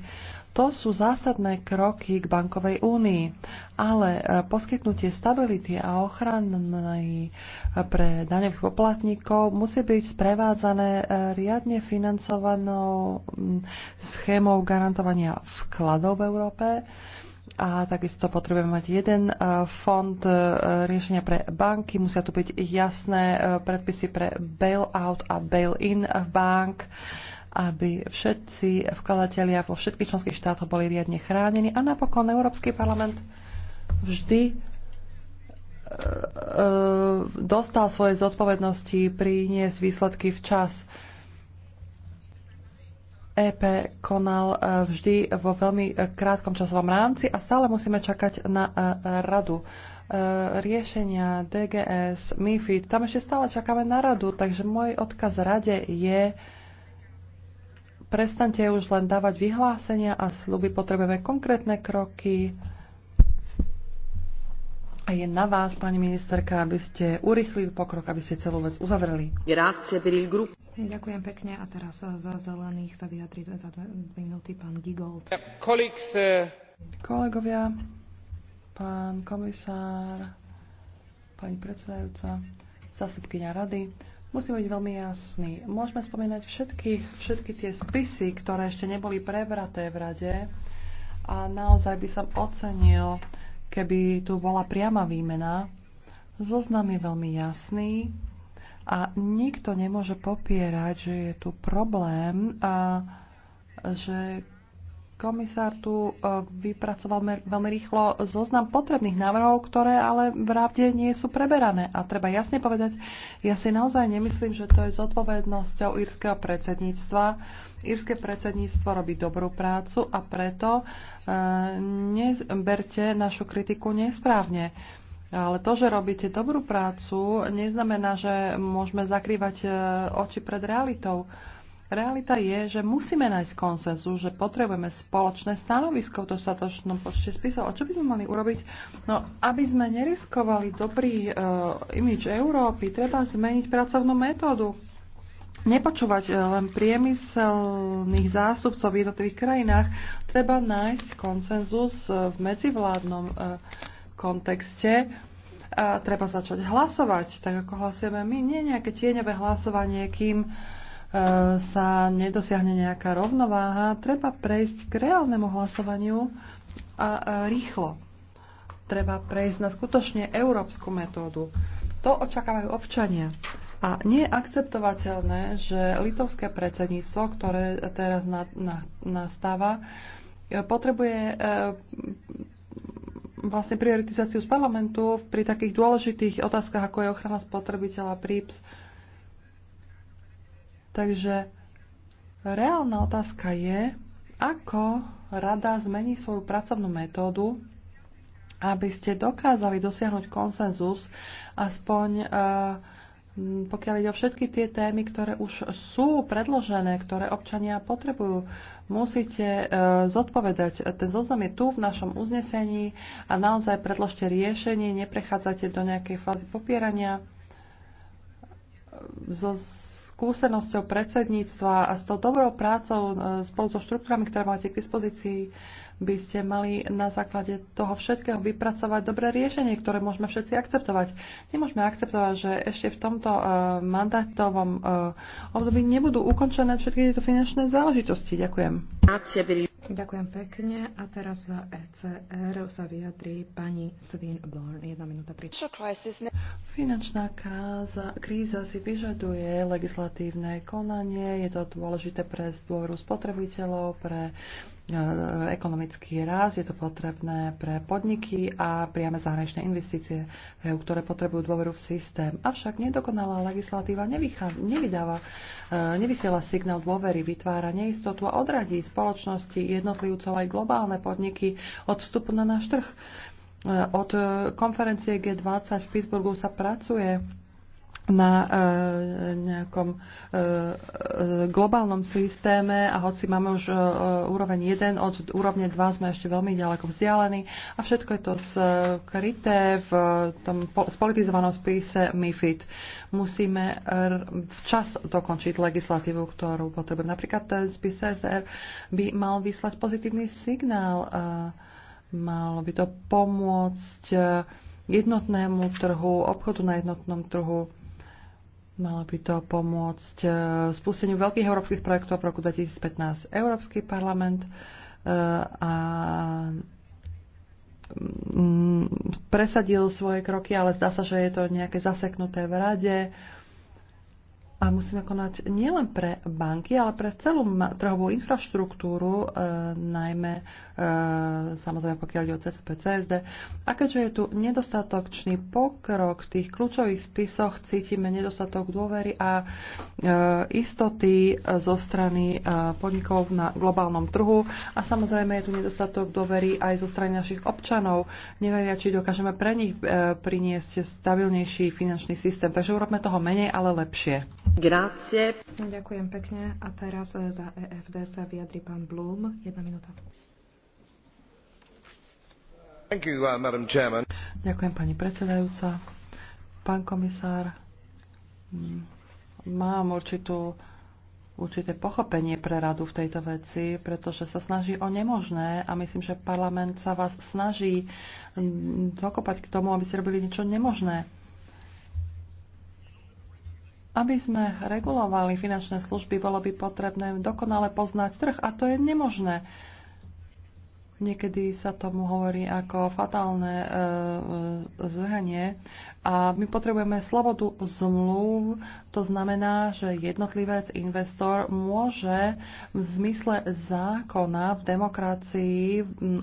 to sú zásadné kroky k bankovej únii, ale e, poskytnutie stability a ochrany pre daňových poplatníkov musí byť sprevádzané riadne financovanou schémou garantovania vkladov v Európe, a takisto potrebujeme mať jeden e, fond e, riešenia pre banky. Musia tu byť jasné e, predpisy pre bail out a bail-in bank aby všetci vkladatelia vo všetkých členských štátoch boli riadne chránení. A napokon Európsky parlament vždy dostal svoje zodpovednosti priniesť výsledky včas. čas EP konal e, vždy vo veľmi e, krátkom časovom rámci a stále musíme čakať na e, radu. Riešenia DGS, MIFID, tam ešte stále čakáme na radu, takže môj odkaz rade je prestante už len dávať vyhlásenia a sluby, potrebujeme konkrétne kroky. A je na vás, pani ministerka, aby ste urychlili pokrok, aby ste celú vec uzavreli. Grazie per il gruppo. Ďakujem pekne a teraz za zelených sa vyjadrí za dve, minúty pán Gigold. Eh, Kolegovia, pán komisár, pani predsedajúca, zastupkynia rady, musím byť veľmi jasný. Môžeme spomínať všetky, všetky tie spisy, ktoré ešte neboli prebraté v rade a naozaj by som ocenil, keby tu bola priama výmena. Zoznam je veľmi jasný, a nikto nemôže popierať, že je tu problém a že komisár tu e, vypracoval veľmi rýchlo zoznam potrebných návrhov, ktoré ale v rávde nie sú preberané. A treba jasne povedať, ja si naozaj nemyslím, že to je zodpovednosťou írskeho predsedníctva. Írske predsedníctvo robí dobrú prácu a preto e, neberte našu kritiku nesprávne. E, ale to, že robíte dobrú prácu, neznamená, že môžeme zakrývať e, oči pred realitou. Realita je, že musíme nájsť konsenzu, že potrebujeme spoločné stanovisko v dostatočnom počte spisov. A čo by sme mali urobiť? No, aby sme neriskovali dobrý uh, e, imič Európy, treba zmeniť pracovnú metódu. Nepočúvať uh, len priemyselných zástupcov v jednotlivých krajinách, treba nájsť konsenzus uh, v medzivládnom uh, kontexte a treba začať hlasovať, tak ako hlasujeme my. Nie nejaké tieňové hlasovanie, kým e, sa nedosiahne nejaká rovnováha. Treba prejsť k reálnemu hlasovaniu a e, rýchlo. Treba prejsť na skutočne európsku metódu. To očakávajú občania. A nie je akceptovateľné, že litovské predsedníctvo, ktoré teraz nastáva, potrebuje e, vlastne prioritizáciu z parlamentu pri takých dôležitých otázkach, ako je ochrana spotrebiteľa PRIPS. Takže reálna otázka je, ako rada zmení svoju pracovnú metódu, aby ste dokázali dosiahnuť konsenzus aspoň uh, Mm, pokiaľ ide o všetky tie témy, ktoré už sú predložené, ktoré občania potrebujú, musíte e, zodpovedať. Ten zoznam je tu v našom uznesení a naozaj predložte riešenie, neprechádzate do nejakej fázy popierania. E, so skúsenosťou predsedníctva a s tou dobrou prácou e, spolu so štruktúrami, ktoré máte k dispozícii, by ste mali na základe toho všetkého vypracovať dobré riešenie, ktoré môžeme všetci akceptovať. Nemôžeme akceptovať, že ešte v tomto uh, mandátovom uh, období nebudú ukončené všetky tieto finančné záležitosti. Ďakujem. Ďakujem pekne. A teraz za ECR sa vyjadrí pani Svinborn. 1 minúta 30. Finančná kráza, kríza si vyžaduje legislatívne konanie. Je to dôležité pre zboru spotrebiteľov, pre E, ekonomický rast, je to potrebné pre podniky a priame zahraničné investície, e, ktoré potrebujú dôveru v systém. Avšak nedokonalá legislatíva nevydáva, e, nevysiela signál dôvery, vytvára neistotu a odradí spoločnosti, jednotlivcov aj globálne podniky od vstupu na náš trh. Od konferencie G20 v Pittsburghu sa pracuje na e, nejakom e, globálnom systéme a hoci máme už e, úroveň 1, od úrovne 2 sme ešte veľmi ďaleko vzdialení a všetko je to skryté v tom spolitizovanom spise MIFID. Musíme včas dokončiť legislatívu, ktorú potrebujeme. Napríklad ten spis SR by mal vyslať pozitívny signál, malo by to pomôcť jednotnému trhu, obchodu na jednotnom trhu, Malo by to pomôcť e, spusteniu veľkých európskych projektov v roku 2015. Európsky parlament e, a mm, presadil svoje kroky, ale zdá sa, že je to nejaké zaseknuté v rade. A musíme konať nielen pre banky, ale pre celú trhovú infraštruktúru, e, najmä E, samozrejme pokiaľ ide o CCP, CSD. A keďže je tu nedostatočný pokrok v tých kľúčových spisoch, cítime nedostatok dôvery a e, istoty zo strany e, podnikov na globálnom trhu a samozrejme je tu nedostatok dôvery aj zo strany našich občanov. Neveria, či dokážeme pre nich priniesť stabilnejší finančný systém. Takže urobme toho menej, ale lepšie. Grácie. Ďakujem pekne. A teraz za EFD sa vyjadri pán Blum. Jedna minúta. Uh, Ďakujem, pani predsedajúca. Pán komisár, mm, mám určitú, určité pochopenie pre radu v tejto veci, pretože sa snaží o nemožné a myslím, že parlament sa vás snaží mm, dokopať k tomu, aby ste robili niečo nemožné. Aby sme regulovali finančné služby, bolo by potrebné dokonale poznať trh a to je nemožné. Niekedy sa tomu hovorí ako fatálne e, e, zlyhanie a my potrebujeme slobodu zmluv. To znamená, že jednotlivec, investor môže v zmysle zákona v demokracii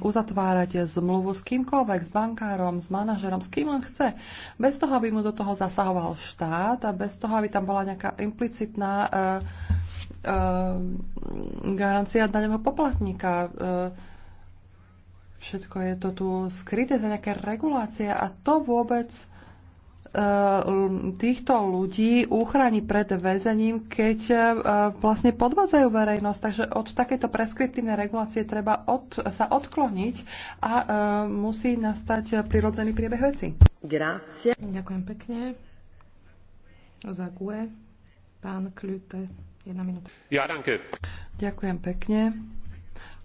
uzatvárať zmluvu s kýmkoľvek, s bankárom, s manažerom, s kým len chce. Bez toho, aby mu do toho zasahoval štát a bez toho, aby tam bola nejaká implicitná e, e, garancia daňového poplatníka. E, Všetko je to tu skryté za nejaké regulácie a to vôbec e, týchto ľudí uchráni pred väzením, keď e, vlastne podvádzajú verejnosť. Takže od takéto preskriptívnej regulácie treba od, sa odkloniť a e, musí nastať prirodzený priebeh veci. Grácia. Ďakujem pekne. Za Pán Kľute, jedna minúta. Ja, danke. Ďakujem pekne.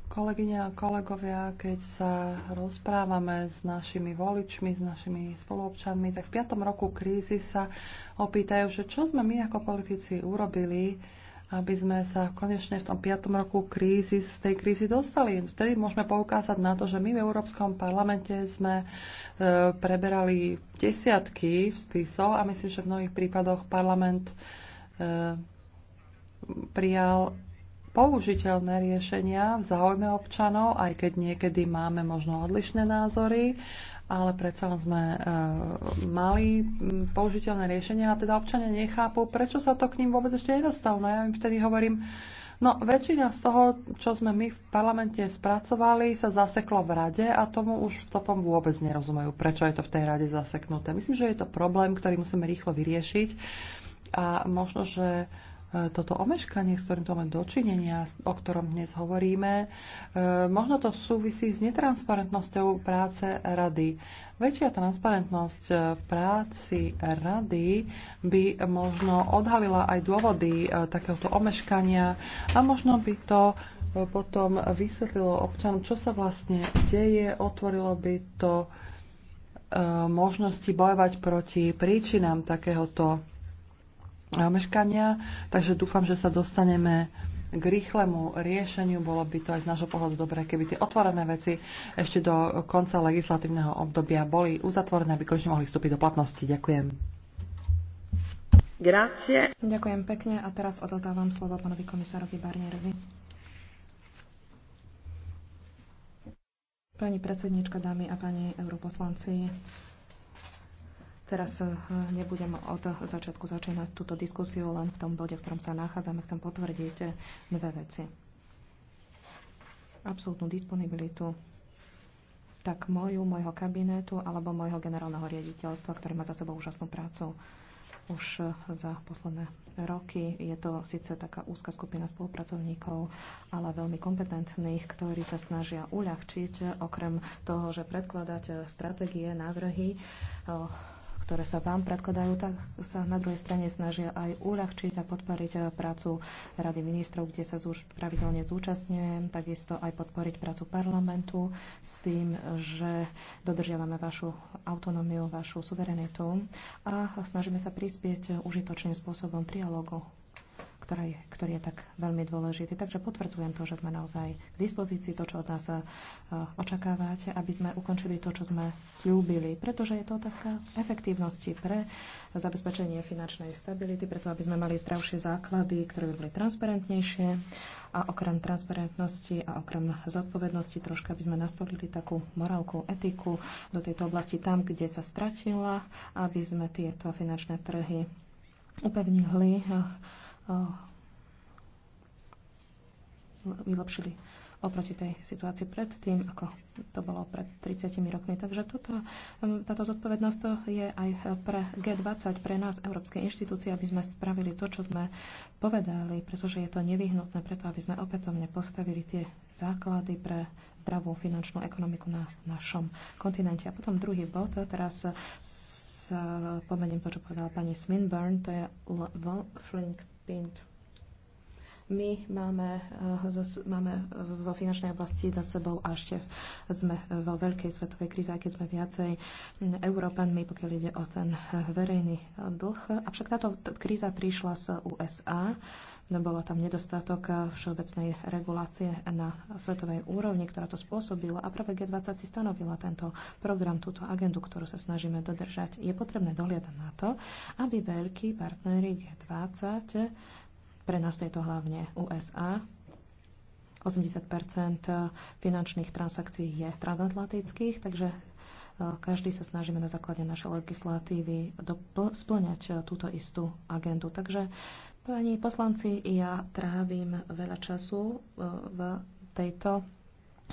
Kolegyne a kolegovia, keď sa rozprávame s našimi voličmi, s našimi spoluobčanmi, tak v piatom roku krízy sa opýtajú, že čo sme my ako politici urobili, aby sme sa konečne v tom piatom roku krízy z tej krízy dostali. Vtedy môžeme poukázať na to, že my v Európskom parlamente sme e, preberali desiatky spisov a myslím, že v mnohých prípadoch parlament e, prijal použiteľné riešenia v záujme občanov, aj keď niekedy máme možno odlišné názory, ale predsa sme e, mali použiteľné riešenia a teda občania nechápu, prečo sa to k ním vôbec ešte nedostalo. No ja im vtedy hovorím, no väčšina z toho, čo sme my v parlamente spracovali, sa zaseklo v rade a tomu už topom vôbec nerozumejú, prečo je to v tej rade zaseknuté. Myslím, že je to problém, ktorý musíme rýchlo vyriešiť a možno, že toto omeškanie, s ktorým to máme dočinenia, o ktorom dnes hovoríme, e, možno to súvisí s netransparentnosťou práce rady. Väčšia transparentnosť v práci rady by možno odhalila aj dôvody e, takéhoto omeškania a možno by to e, potom vysvetlilo občanom, čo sa vlastne deje, otvorilo by to možnosti bojovať proti príčinám takéhoto meškania, takže dúfam, že sa dostaneme k rýchlemu riešeniu. Bolo by to aj z nášho pohľadu dobré, keby tie otvorené veci ešte do konca legislatívneho obdobia boli uzatvorené, aby konečne mohli vstúpiť do platnosti. Ďakujem. Grazie. Ďakujem pekne a teraz odozdávam slovo pánovi komisárovi Barnierovi. Pani predsednička, dámy a pani europoslanci, Teraz eh, nebudem od začiatku začínať túto diskusiu, len v tom bode, v ktorom sa nachádzame, chcem potvrdiť eh, dve veci. Absolutnú disponibilitu tak moju, mojho kabinetu alebo mojho generálneho riaditeľstva, ktorý má za sebou úžasnú prácu už eh, za posledné roky. Je to síce taká úzka skupina spolupracovníkov, ale veľmi kompetentných, ktorí sa snažia uľahčiť, okrem toho, že predkladať stratégie, návrhy, ktoré sa vám predkladajú, tak sa na druhej strane snažia aj uľahčiť a podporiť eh, prácu Rady ministrov, kde sa zúš- pravidelne zúčastňujem, takisto aj podporiť prácu parlamentu s tým, že dodržiavame vašu autonómiu, vašu suverenitu a snažíme sa prispieť užitočným spôsobom trialógu ktorý, ktorý je tak veľmi dôležitý. Takže potvrdzujem to, že sme naozaj k dispozícii to, čo od nás eh, očakávate, aby sme ukončili to, čo sme slúbili. Pretože je to otázka efektívnosti pre zabezpečenie finančnej stability, preto aby sme mali zdravšie základy, ktoré by boli transparentnejšie a okrem transparentnosti a okrem zodpovednosti troška by sme nastolili takú morálku, etiku do tejto oblasti tam, kde sa stratila, aby sme tieto finančné trhy upevnili eh, Oh. vylepšili oproti tej situácii predtým, ako to bolo pred 30 rokmi. Takže toto, um, táto zodpovednosť to je aj pre G20, pre nás, Európske inštitúcie, aby sme spravili to, čo sme povedali, pretože je to nevyhnutné, preto aby sme opätovne postavili tie základy pre zdravú finančnú ekonomiku na našom kontinente. A potom druhý bod, teraz s pomením to, čo povedala pani Swinburne, to je L- L- Pint. My máme, eh, máme vo finančnej oblasti za sebou a ešte sme vo veľkej svetovej kríze, aj keď sme viacej Európanmi, pokiaľ ide o ten eh, verejný eh, dlh. Avšak táto kríza prišla z USA No, Bola tam nedostatok eh, všeobecnej regulácie na svetovej úrovni, ktorá to spôsobila a práve G20 si stanovila tento program, túto agendu, ktorú sa snažíme dodržať. Je potrebné dohliadať na to, aby veľkí partnery G20, pre nás je to hlavne USA, 80 eh, finančných transakcií je transatlantických, takže eh, každý sa snažíme na základe našej legislatívy splňať túto istú agendu. Takže Pani poslanci, ja trávim veľa času e, v tejto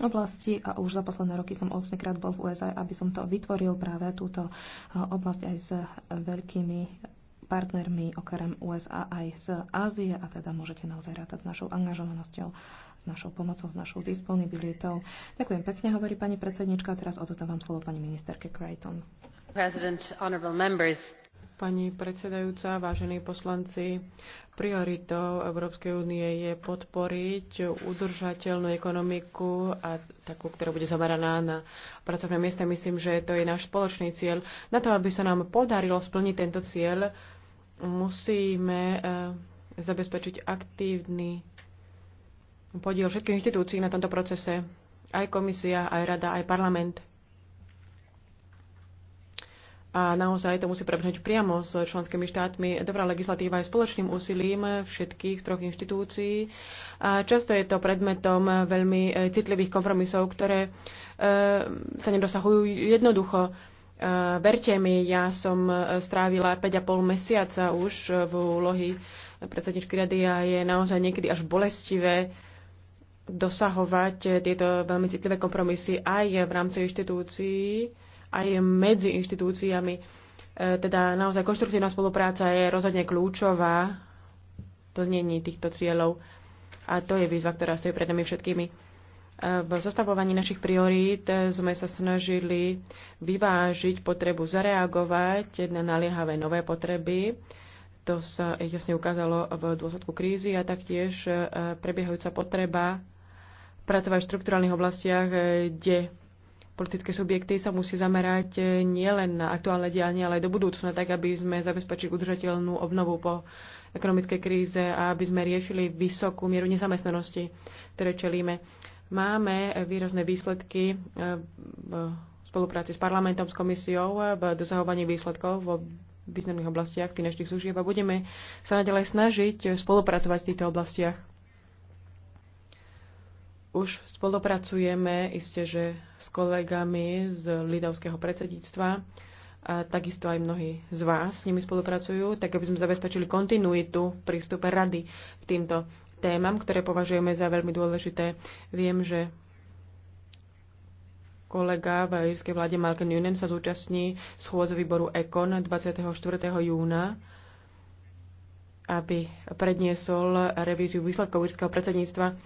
oblasti a už za posledné roky som 8 krát bol v USA, aby som to vytvoril práve túto e, oblasť aj s veľkými partnermi okrem USA aj z Ázie a teda môžete naozaj rátať s našou angažovanosťou, s našou pomocou, s našou disponibilitou. Ďakujem pekne, hovorí pani predsednička. Teraz odozdávam slovo pani ministerke Creighton. President, honorable members, Pani predsedajúca, vážení poslanci, prioritou Európskej únie je podporiť udržateľnú ekonomiku a takú, ktorá bude zameraná na pracovné miesta. Myslím, že to je náš spoločný cieľ. Na to, aby sa nám podarilo splniť tento cieľ, musíme eh, zabezpečiť aktívny podiel všetkých inštitúcií na tomto procese. Aj komisia, aj rada, aj parlament a naozaj to musí prebehnúť priamo s členskými štátmi. Dobrá legislatíva je spoločným úsilím všetkých troch inštitúcií a často je to predmetom veľmi e, citlivých kompromisov, ktoré e, sa nedosahujú jednoducho. E, verte mi, ja som strávila 5,5 mesiaca už v úlohy predsedničky rady a je naozaj niekedy až bolestivé dosahovať tieto veľmi citlivé kompromisy aj v rámci inštitúcií aj medzi inštitúciami. E, teda naozaj konštruktívna spolupráca je rozhodne kľúčová v plnení týchto cieľov a to je výzva, ktorá stojí pred nami všetkými. E, v zostavovaní našich priorít sme sa snažili vyvážiť potrebu zareagovať na naliehavé nové potreby. To sa jasne ukázalo v dôsledku krízy a taktiež e, prebiehajúca potreba pracovať v štrukturálnych oblastiach, kde politické subjekty sa musí zamerať e, nielen na aktuálne dianie, ale aj do budúcna, tak aby sme zabezpečili udržateľnú obnovu po ekonomickej kríze a aby sme riešili vysokú mieru nezamestnanosti, ktoré čelíme. Máme e, výrazné výsledky e, v spolupráci s parlamentom, s komisiou v dosahovaní výsledkov vo významných oblastiach finančných služieb a budeme sa naďalej snažiť spolupracovať v týchto oblastiach. Už spolupracujeme iste, že s kolegami z Lidovského predsedníctva a takisto aj mnohí z vás s nimi spolupracujú, tak aby sme zabezpečili kontinuitu v prístupe rady k týmto témam, ktoré považujeme za veľmi dôležité. Viem, že kolega v irskej vláde Malcolm Newman sa zúčastní schôdze výboru ECON 24. júna, aby predniesol revíziu výsledkov irského predsedníctva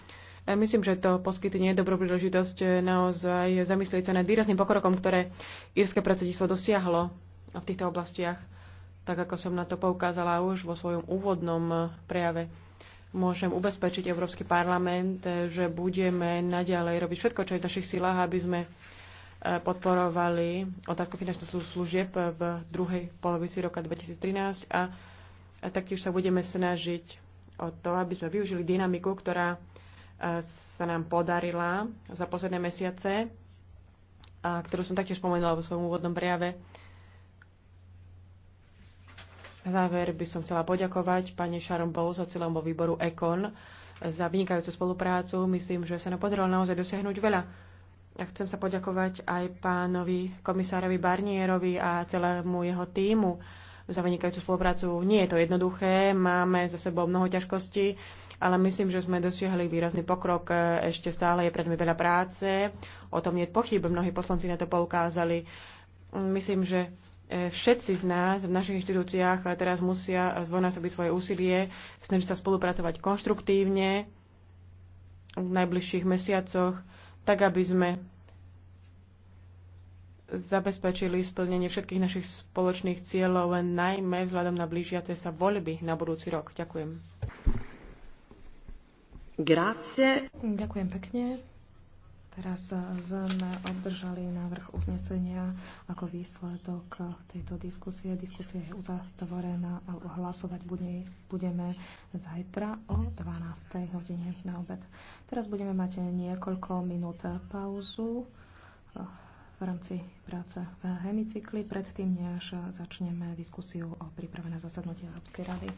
Myslím, že to poskytne dobrú príležitosť eh, naozaj zamyslieť sa nad výrazným pokrokom, ktoré írske predsedníctvo dosiahlo v týchto oblastiach, tak ako som na to poukázala už vo svojom úvodnom eh, prejave. Môžem ubezpečiť Európsky parlament, eh, že budeme naďalej robiť všetko, čo je v našich silách, aby sme podporovali otázku finančných služieb v druhej polovici roka 2013 a taktiež sa budeme snažiť o to, aby sme využili dynamiku, ktorá E, sa nám podarila za posledné mesiace, a e, ktorú som taktiež spomenula vo svojom úvodnom prejave. Na záver by som chcela poďakovať pani Sharon Bowles a celému výboru ECON za vynikajúcu spoluprácu. Myslím, že sa nám podarilo naozaj dosiahnuť veľa. A chcem sa poďakovať aj pánovi komisárovi Barnierovi a celému jeho týmu za vynikajúcu spoluprácu. Nie je to jednoduché, máme za sebou mnoho ťažkostí, ale myslím, že sme dosiahli výrazný pokrok. Ešte stále je pred nami veľa práce, o tom nie je pochyb, mnohí poslanci na to poukázali. Myslím, že e, všetci z nás v našich inštitúciách teraz musia zvojnásobiť svoje úsilie, snažiť sa spolupracovať konštruktívne v najbližších mesiacoch, tak aby sme zabezpečili splnenie všetkých našich spoločných cieľov, najmä vzhľadom na blížiace sa voľby na budúci rok. Ďakujem. Grácie. Ďakujem pekne. Teraz eh, sme obdržali návrh uznesenia ako výsledok tejto diskusie. Diskusia je uzatvorená a hlasovať budeme zajtra o 12. hodine na obed. Teraz budeme mať niekoľko minút pauzu v rámci práce v hemicykli, predtým, než začneme diskusiu o príprave na zasadnutie Európskej rady.